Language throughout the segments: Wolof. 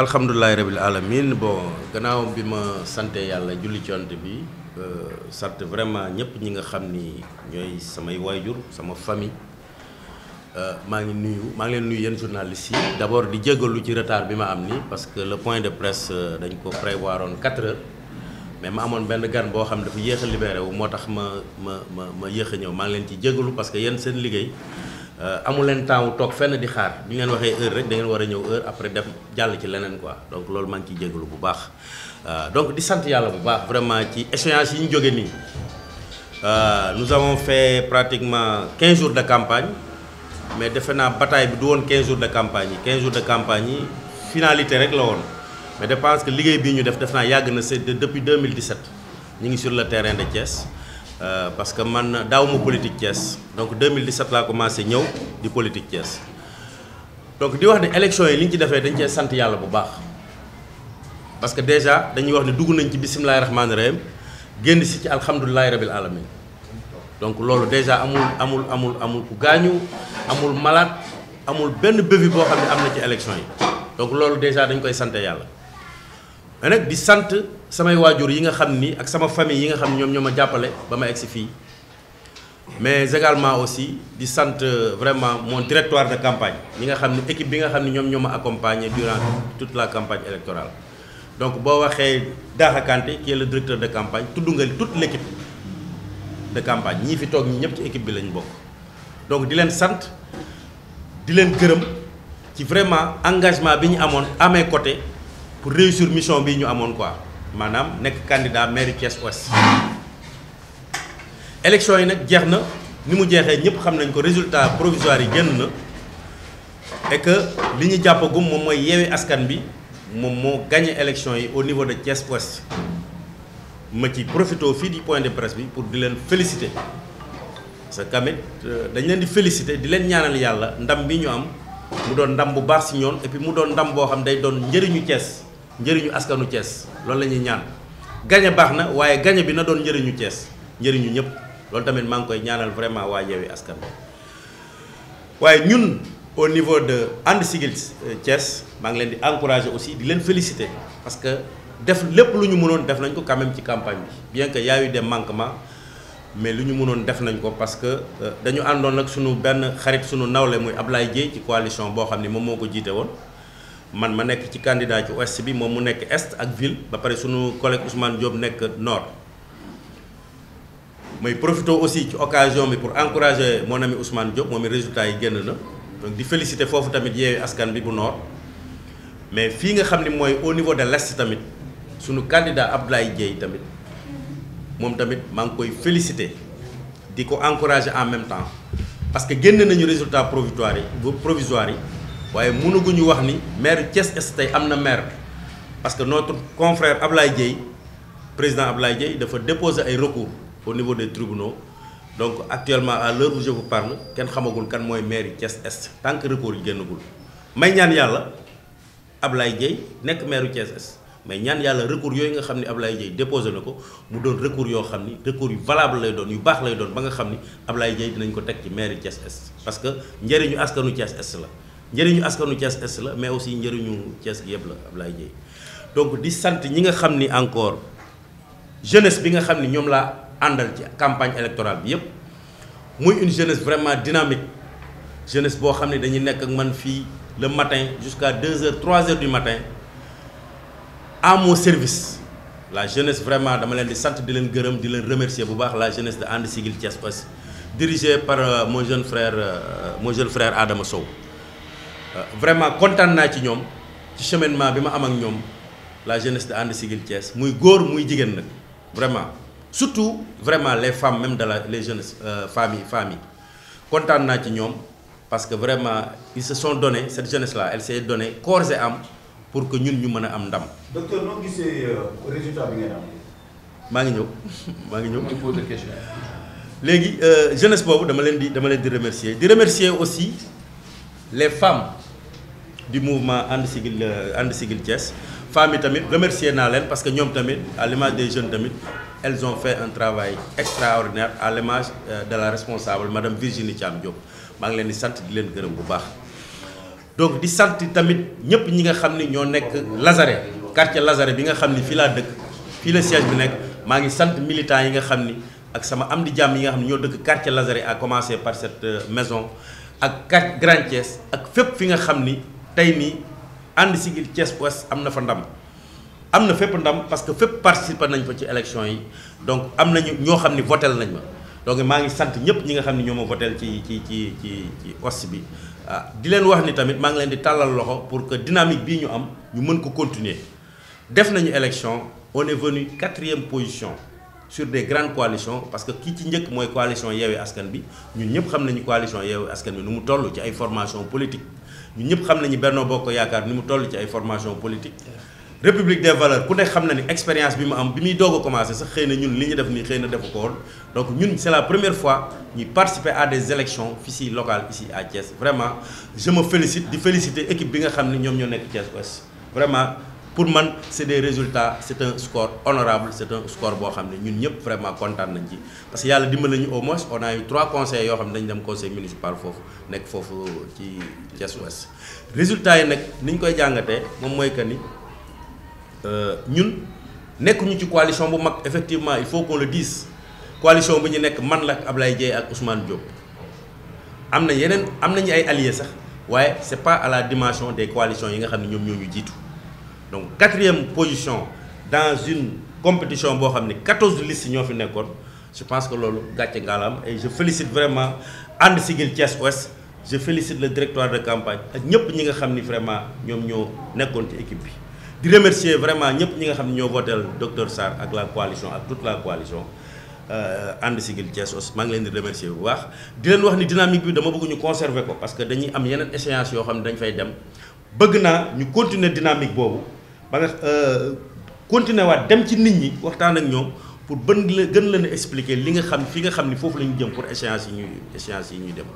alhamdulilahi rabil alamin bon gannaaw bi ma sante yàlla julli ci yonent bi euh, sant vraiment ñëpp ñi nga xam ni ñooy samay waajur sama famille euh, maa ngi nuyu maa ngi leen nuyu yéen journalistes yi d'abord di jégalu ci retard bi ma am ni parce que le point de presse euh, dañ ko prévoir woon 4 heures mais ma amoon benn gan boo xam dafa yéex a libéré moo tax ma ma ma ma yéex a ñëw maa ngi leen ci jégalu parce que yéen seen liggéey Euh, amu leen temps wu toog fenn di xaar bi ngeen waxee heure rek da ngeen war a ñëw heure après def jàll ci leneen quoi donc loolu maa ngi ciy jégalu bu baax euh, donc di sant yàlla bu baax vraiment ci échéance yi ñu jóge nii euh, nous avons fait pratiquement 15 jours de campagne mais defe naa bataille bi du woon 15 jours de campagne yi 15 jours de campagne yi finalité rek la woon mais je pense que liggéey bii ñu def def naa yàgg na c'est depuis 2017 ñu ngi sur le terrain de Euh, parce que man daaw ma politique Thiès donc 2017 laa commencé ñëw di politique Thiès donc di wax ne élection yi liñ ci defee dañ cee sant yàlla bu baax parce que déjà dañuy wax ne dugg nañ ci bisimilahi rahmaani rahim génn si ci alhamdulilahi rabil alamin donc loolu déjà amul amul amul amul ku gaañu amul malade amul benn bévi boo xam ne am na ci élection yi donc loolu déjà dañ koy sant yàlla mais di sant. samay waajur yi nga xam ni ak sama famille yi nga xam ni ñoom ñoo ma jàppale ba ma egsi fii mais également aussi di sant euh, vraiment mon directoire de campagne ñi nga xam ni équipe bi nga xam ni ñoom ñoo ma accompagné durant toute la campagne électorale donc boo waxee Daha ki qui est directeur de campagne tudd nga toute l' équipe de campagne ñii fi toog ñi ñëpp ci équipe bi lañ bokk donc di leen sant di leen gërëm ci vraiment engagement bi ñu amoon amee côté pour réussir mission bi ñu amoon quoi maanaam nekk candidat mairie Thiès Ouest élection yi nag jeex na ni mu jeexee ñëpp xam nañ ko résultat provisoire yi génn na et que li ñu jàppagum moom mooy yeewi askan bi moom moo gagné élection yi au niveau de Thiès Ouest ma ci profito fii di point de presse bi pour di leen féliciter parce que tamit euh, dañ leen di félicité di leen ñaanal yàlla ndam bi ñu am mu doon ndam bu baax si ñoon et mu doon ndam boo xam day doon njëriñu Thiès. njëriñu askanu cees loolu la ñuy ñaan gañe baax na waaye gañe bi na doon njëriñu cees njëriñu ñëpp loolu tamit maa ngi koy ñaanal vraiment waa Yewwi Askan waaye ñun au niveau de And Siggil cees euh, maa ngi leen di encourager aussi di leen félicité parce que def lépp lu ñu mënoon def nañ ko quand ci campagne bi bien que y a eu des mais lu ñu mënoon def nañ ko parce que euh, dañu àndoon nag sunu benn xarit suñu nawle muy lay Dieye ci coalition boo xam ni moom moo ko jiite woon man ma nekk ci candidat ci ouest bi moom mu nekk est ak ville ba pare sunu collègue Ousmane Diop nekk noor mooy profité aussi ci occasion bi pour encourager mon ami Ousmane Diop moom i résultat yi génn na donc di féliciter foofu tamit yeewi askan bi bu nord mais fii nga xam ni mooy au niveau de l'est tamit sunu candidat Abdoulaye Dieye tamit moom tamit maa ngi koy féliciter di ko encourager en même temps parce que génn nañu résultat provisoire yi provisoire yi waaye mënaguñu wax ni maire Thiès Est tey am na maire parce que notre confrère Ablaye Dieye président ab Ablaye Dieye dafa déposer ay recours au niveau des tribunaux donc actuellement à l'heure où je parle kenn xamagul kan mooy maire Thiès Est tant que recours yi génnagul may ñaan yàlla Ablaye Dieye nekk maire Thiès Est mais ñaan yàlla recours yooyu nga xam ne Ablaye Dieye déposé na ko mu doon recours yoo xam ni recours yu valable lay doon yu baax lay doon ba nga xam ni Ablaye Dieye dinañ ko teg ci maire Thiès Est parce que njëriñu askanu Thiès Est la njëriñu askanu Thiès Est la mais aussi njëriñu Thiès gi yëpp la Ablaye Dieye donc di sant ñi nga xam ni encore jeunesse bi nga xam ni ñoom laa àndal ci campagne électorale bi yëpp muy une jeunesse vraiment dynamique jeunesse boo xam ne dañuy nekk ak man fii le matin jusqu'à deux heures trois heures du matin à mon service la jeunesse vraiment dama leen di sant di leen gërëm di leen remercier bu baax la jeunesse de And Siggil Thiès Ouest dirigée par euh, mon jeune frère euh, mon jeune frère Adama Sow Euh, vraiment kontaan naa ci ñoom ci cheminement bi ma am ak ñoom la jeunesse de And Siggil Thiès muy góor muy jigéen nag vraiment surtout vraiment les femmes même de la les jeunes euh, famille famille kontaan naa ci ñoom parce que vraiment ils se sont donné cette jeunesse là elle s'est donnée corps et am pour que ñun ñu mën a am ndam. docteur noo gisee euh, résultat bi maa ngi ñëw maa ngi ñëw. ma pose question. léegi jeunesse boobu dama leen di dama leen di remercier di remercier aussi les femmes. du mouvement ànd sigil ànd euh, sigil Thiès femmes tamit remercier naa leen parce que ñoom tamit à l'image des jeunes tamit elles ont fait un travail extraordinaire à l'image euh, de la responsable madame Virginie Thiam Diop maa ngi leen di sant di leen gërëm bu baax donc di sant tamit ñëpp ñi nga xam ni ñoo nekk Lazaret quartier Lazaret bi nga xam ni fii laa dëkk fii la siège bi nekk maa ngi sant militants yi nga xam ni ak sama am di jàmm yi nga xam ne ñoo dëkk quartier Lazaret à commencer par cette euh, maison ak quartier Grand Thiès ak fépp fi nga xam ni tey nii ànd Siggil Thiès Ouest am na fa ndam am na fépp ndam parce que fépp participer nañ fa ci élection yi donc am nañu ñoo xam ni votel nañ ma donc maa ngi sant ñëpp ñi nga xam ne ñoo ma votel ci ci ci ci ci Ouest bi ah, di leen wax ni tamit maa ngi leen di tàllal loxo pour que dynamique bii ñu am ñu mën ko continuer def nañu élection on est venu quatrième position sur des grandes coalitions parce que kii ci njëkk mooy coalition Yewwi Askan bi ñun ñëpp xam nañu coalition Yewwi Askan bi nu mu toll ci ay formation politique ñu ñëpp xam nañu Benno Bokk Yaakaar ni mu toll ci ay formation politique république des valeurs ku ne xam na ni expérience bi mu am bi muy doog a commencé sax xëy na ñun li ñu def nii xëy na defu ko woon donc ñun c'est la première fois ñuy participer à des élections fii si locales ici à Thiès vraiment je me félicite di féliciter équipe bi nga xam ne ñoom ñoo nekk Thiès Ouest vraiment pour man c' est des résultats c' est un score honorable c' score boo xam ne ñun ñëpp vraiment kontaan nañ ci parce que yàlla dimbali nañu au moins on a eu trois conseils yoo xam ne dañ dem conseil municipal foofu nekk yi nag ni ñu koy jàngatee moom mooy que ni euh, ñun nekkuñu ci coalition bu mag effectivement il faut qu'on le dise coalition bi ñu nekk man la ab lay Dieye ak Ousmane Diop am na yeneen am nañu ay alliés sax waaye c' pas à la dimension de coalitions yi nga xam ne ñoom ñoo ñu jiitu. donc quatrième position dans une compétition boo xam ne quatorze listes ñoo fi nekkoon je pense que loolu gàcce ngaalaam et je félicite vraiment ànd sigil Thiès os je félicite le directoire de campagne ak ñëpp ñi nga xam ni vraiment ñoom ñoo nekkoon ci équipe bi di remercier vraiment ñëpp ñi nga xam ne ñoo voteel docteur Sarr ak la coalition ak toute la coalition ànd euh, sigil Thiès Ouest maa ngi leen di remercier bu baax di leen wax ni dynamique bi dama bëgg ñu conserver ko parce que dañuy am yeneen échéance yoo xam ne dañ fay dem bëgg naa ñu continuer dynamique boobu ba nga euh, continuer waat dem ci nit ñi waxtaan ak ñoom pour bën la gën leen a expliquer li nga xam fi nga xam ni foofu la ñu jëm pour échéance yi ñuy échéance yi ñuy dem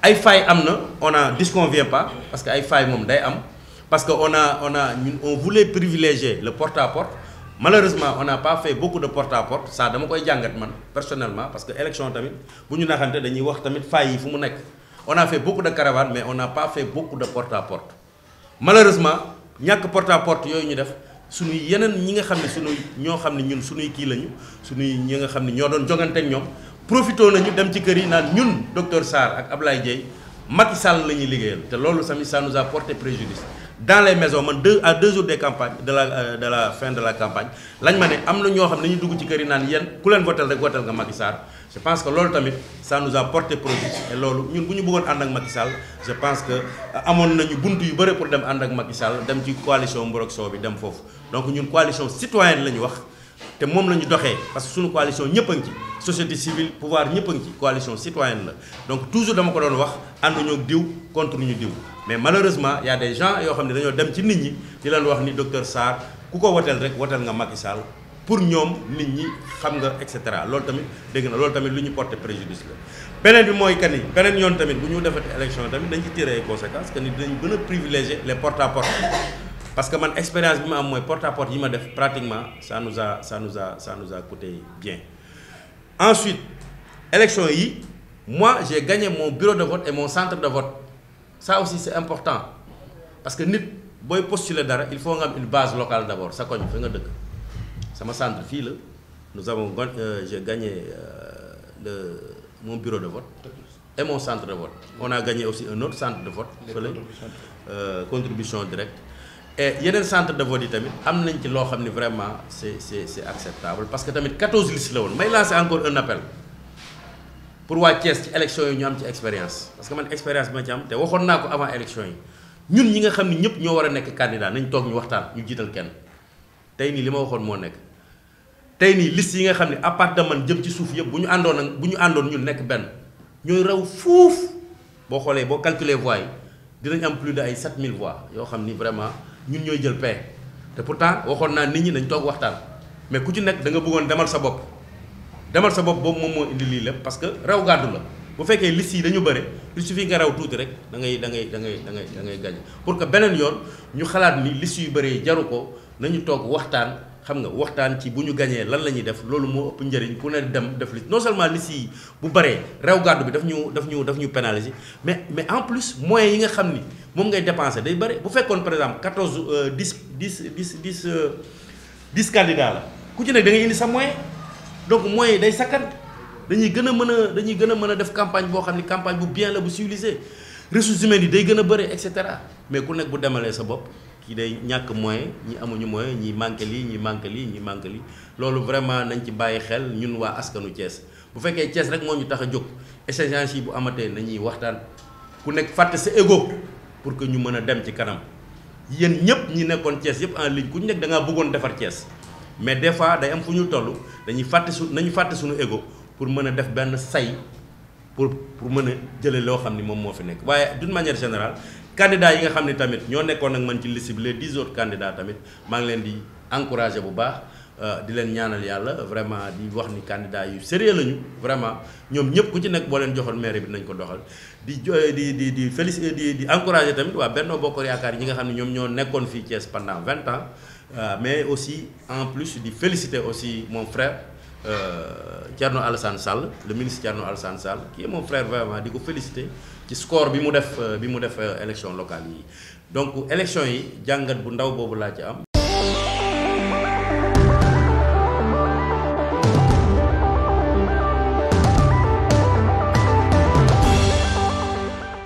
ay failles am na on a disconvient pas parce que ay failles moom day am parce que on a on a ñun on voulait privilégier le porte à porte malheureusement on n'a pas fait beaucoup ça dama koy jàngat man personnellement parce que élection tamit bu ñu naxante dañuy wax tamit failles yi fu mu nekk on a fait beaucoup de mais on n'a pas fait beaucoup de porte à porte malheureusement ñàkk porta à porte yooyu ñu def suñuy yeneen ñi nga xam ne suñuy ñoo xam ne ñun suñuy kii lañu suñuy ñi nga xam ne ñoo doon jongante ñoom profité nañu dem ci kër yi naan ñun docteur Sarr ak Ablaye Dieye Macky Sall la ñuy liggéeyal te loolu tamit ça nous a porté préjudice dans les maisons man deux à deux jours de la euh, de la fin de la campagne lañ ma ne am na ñoo xam ne ñu dugg ci kër naan yéen ku leen votel rek votel nga Macky Sall je pense que loolu tamit ça nous a porté produit et loolu ñun bu ñu bëggoon ànd ak Macky je pense que amoon nañu bunt yu bëri pour dem ànd ak Macky Sall dem ci coalition Mborok Sow bi dem foofu donc ñun coalition citoyenne la ñu wax te moom la ñu doxee parce que suñu coalition ñëpp ngi ci société civile pouvoir ñëpp a ngi ci coalition citoyenne la donc toujours dama ko doon wax ànduñu ñoo diw contre ñu diw mais malheureusement y a des gens yoo xam ne dañoo dem ci nit ñi di leen wax ni docteur Sarr ku ko woteel rek woteel nga i Sall pour ñoom nit ñi xam nga et cetera loolu tamit dégg na loolu tamit lu ñu porté préjudice la beneen bi mooy que ni beneen yoon tamit bu ñu defati élection tamit dañ ci tiré ay que ni dinañ gën a privilégier les porte à porte parce que man expérience bi ma am mooy porte à porte yi ma def pratiquement ça nous a ça nous a ça nous a coûté bien ensuite élection yi moi j'ai gagné moom bureau de vote et mon centre de vote ça aussi c'est important parce que nit booy postuler dara il faut nga am une base locale d'abord sa koñ fa nga dëkk sama centre fii la nous avons euh, j'ai gagné euh, le mon bureau de vote et mon centre de vote on a gagné aussi un autre centre de vote fële euh, contribution directe yeneen centre de vote yi tamit am nañ ci loo xam ne vraiment c'est c'est acceptable parce que tamit 14 listes la woon may lancer encore un appel pour waa Thiès ci élection yi ñu am ci expérience parce que man expérience bi ma ci am te waxoon naa ko avant élection yi ñun ñi nga xam ne ñëpp ñoo war a nekk candidat nañ toog ñu waxtaan ñu jiital kenn tey nii li ma waxoon moo nekk tey nii liste yi nga xam ne à part de man jëm ci suuf yëpp bu ñu àndoon bu ñu àndoon ñun nekk benn ñooy raw fuuf boo xoolee boo calculer voix dinañ am plus de ay 7000 voix yoo xam ni vraiment ñun ñooy jël pe te pourtant waxoon naa nit ñi dañ toog waxtaan mais ku ci nekk danga bëggoon demal sa bopp demal sa bopp boobu moom moo indi lii lépp parce que rew gàddu la bu fekkee liste yi dañu bëre il suffit nga raw tuuti rek da ngay dangay dangay da ngay da pour que beneen yoon ñu xalaat ni liste yu bëree jaru ko nañu toog waxtaan xam nga waxtaan ci bu ñu gañee lan la ñuy def loolu moo ëpp njëriñ ku ne dem def liste non seulement liste yi bu bëree rew gàddu bi daf ñu daf ñu daf ñu pénaliser mais mais en plus moyens yi nga xam ni moom ngay dépenser day bëri bu fekkoon par exemple quatorze dis euh, dix dix dix euh, dix candidats la ku ci nekk da ngay indi sa moyen donc moyen day sakkan dañuy gën a mën a dañuy gën a mën a def campagne boo xam ne campagne bu bien la bu civilisé ressources humaines yi day gën a bëri et cetera mais ku nekk bu demalee sa bopp kii day ñàkk moyen ñi amuñu moyen ñi manqué lii ñi manqué lii ñi manqué lii loolu vraiment nañ ci bàyyi xel ñun waa askanu Thiès bu fekkee Thiès rek moo ñu tax a jóg échéance yi bu amatee nañuy waxtaan ku nekk fàtte sa égo pour que ñu mën a dem ci kanam yéen ñëpp ñi nekkoon cees yëpp en ligne ku ñu nekk da bëggoon defar Thiès mais des fois day am fu ñu toll dañuy fàtte su nañu fàtte suñu ego pour mën a def benn say pour pour mën a jële loo xam ni moom moo fi nekk waaye d'une manière générale candidats yi nga xam ne tamit ñoo nekkoon ak man ci liste dis les dix tamit maa ngi leen di encourager bu baax Euh, di leen ñaanal yàlla vraiment di wax ni candidat yu sérieux lañu vraiment ñoom ñëpp ku ci nekk boo leen joxoon maire bi nañ ko doxal di jo di di di félicité di di encouragé tamit waa Benno Bokk Yaakaar ñi nga xam ne ñoom ñoo nekkoon fii Thiès pendant vingt ans euh, mais aussi en plus di félicité aussi mon frère euh, Thierno Alassane Sall le ministre Thierno Alassane Sall qui est mon frère vraiment di ko félicité ci score bi mu def bi mu def élection locale yi donc élection yi jàngat bu ndaw boobu laa ci am.